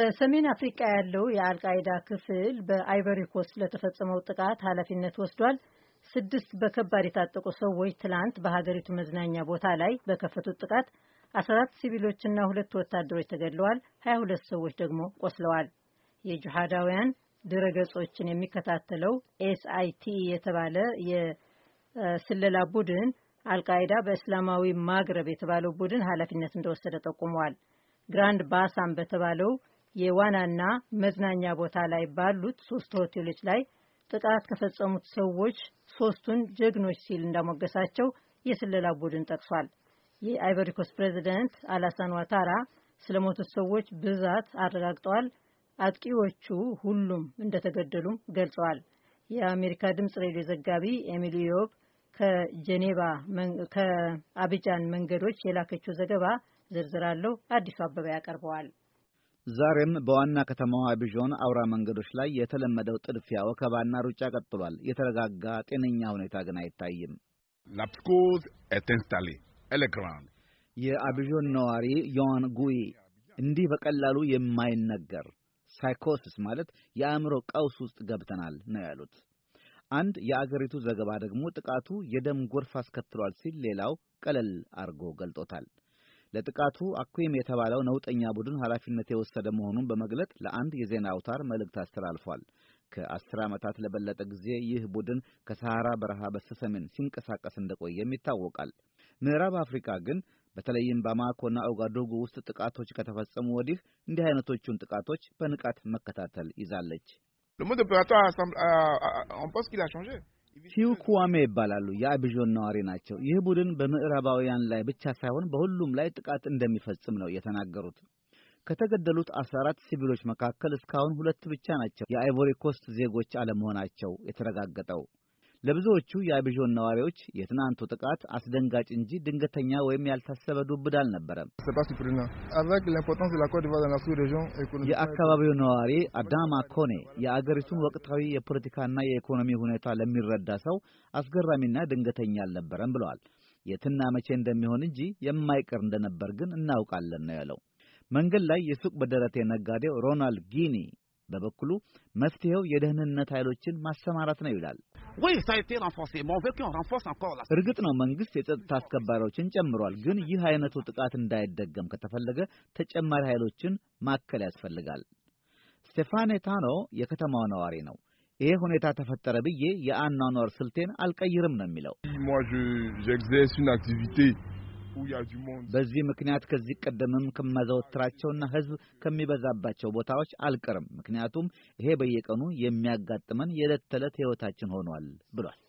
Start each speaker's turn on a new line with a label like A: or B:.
A: በሰሜን አፍሪካ ያለው የአልቃይዳ ክፍል በአይቨሪ ኮስት ለተፈጸመው ጥቃት ኃላፊነት ወስዷል። ስድስት በከባድ የታጠቁ ሰዎች ትላንት በሀገሪቱ መዝናኛ ቦታ ላይ በከፈቱት ጥቃት 14 ሲቪሎችና ሁለት ወታደሮች ተገድለዋል። ሀያ ሁለት ሰዎች ደግሞ ቆስለዋል። የጅሃዳውያን ድረገጾችን የሚከታተለው ኤስአይቲ የተባለ የስለላ ቡድን አልቃይዳ በእስላማዊ ማግረብ የተባለው ቡድን ኃላፊነት እንደወሰደ ጠቁመዋል። ግራንድ ባሳም በተባለው የዋናና መዝናኛ ቦታ ላይ ባሉት ሶስት ሆቴሎች ላይ ጥቃት ከፈጸሙት ሰዎች ሶስቱን ጀግኖች ሲል እንዳሞገሳቸው የስለላ ቡድን ጠቅሷል። የአይቨሪኮስ ፕሬዚደንት አላሳን ዋታራ ስለ ሞቱት ሰዎች ብዛት አረጋግጠዋል። አጥቂዎቹ ሁሉም እንደተገደሉም ገልጸዋል። የአሜሪካ ድምጽ ሬዲዮ ዘጋቢ ኤሚሊ ዮብ ከጄኔቫ ከአቢጃን መንገዶች የላከችው ዘገባ ዝርዝር አለው። አዲሱ አበባ ያቀርበዋል።
B: ዛሬም በዋና ከተማዋ ቢዦን አውራ መንገዶች ላይ የተለመደው ጥድፊያ፣ ወከባና ሩጫ ቀጥሏል። የተረጋጋ ጤነኛ ሁኔታ ግን አይታይም። ላፕስኮዝ ኤቴንስታሌ ኤሌግራንድ የአቢዦን ነዋሪ ዮዋን ጉይ እንዲህ በቀላሉ የማይነገር ሳይኮሲስ ማለት የአእምሮ ቀውስ ውስጥ ገብተናል ነው ያሉት። አንድ የአገሪቱ ዘገባ ደግሞ ጥቃቱ የደም ጎርፍ አስከትሏል ሲል ሌላው ቀለል አድርጎ ገልጦታል። ለጥቃቱ አኩይም የተባለው ነውጠኛ ቡድን ኃላፊነት የወሰደ መሆኑን በመግለጥ ለአንድ የዜና አውታር መልእክት አስተላልፏል። ከአስር ዓመታት ለበለጠ ጊዜ ይህ ቡድን ከሰሐራ በረሃ በስተሰሜን ሲንቀሳቀስ እንደቆየም ይታወቃል። ምዕራብ አፍሪካ ግን በተለይም ባማኮና ኦጋዶጉ ውስጥ ጥቃቶች ከተፈጸሙ ወዲህ እንዲህ አይነቶቹን ጥቃቶች በንቃት መከታተል ይዛለች። ሂው ኩዋሜ ይባላሉ። የአቢዦን ነዋሪ ናቸው። ይህ ቡድን በምዕራባውያን ላይ ብቻ ሳይሆን በሁሉም ላይ ጥቃት እንደሚፈጽም ነው የተናገሩት። ከተገደሉት 14 ሲቪሎች መካከል እስካሁን ሁለት ብቻ ናቸው የአይቮሪ ኮስት ዜጎች አለመሆናቸው የተረጋገጠው። ለብዙዎቹ የአቢዦን ነዋሪዎች የትናንቱ ጥቃት አስደንጋጭ እንጂ ድንገተኛ ወይም ያልታሰበ ዱብዳ አልነበረም። የአካባቢው ነዋሪ አዳማ ኮኔ የአገሪቱን ወቅታዊ የፖለቲካና የኢኮኖሚ ሁኔታ ለሚረዳ ሰው አስገራሚና ድንገተኛ አልነበረም ብለዋል። የትና መቼ እንደሚሆን እንጂ የማይቀር እንደነበር ግን እናውቃለን ነው ያለው። መንገድ ላይ የሱቅ በደረቴ ነጋዴው ሮናልድ ጊኒ በበኩሉ መፍትሄው የደህንነት ኃይሎችን ማሰማራት ነው ይላል። እርግጥ ነው መንግስት የጸጥታ አስከባሪዎችን ጨምሯል። ግን ይህ አይነቱ ጥቃት እንዳይደገም ከተፈለገ ተጨማሪ ኃይሎችን ማከል ያስፈልጋል። ታኖ የከተማው ነዋሪ ነው። ይሄ ሁኔታ ተፈጠረ ብዬ የአኗኗር ስልቴን አልቀይርም ነው የሚለው በዚህ ምክንያት ከዚህ ቀደምም ከማዘወትራቸውና ህዝብ ከሚበዛባቸው ቦታዎች አልቀርም፣ ምክንያቱም ይሄ በየቀኑ የሚያጋጥመን የዕለት ተዕለት ህይወታችን ሆኗል ብሏል።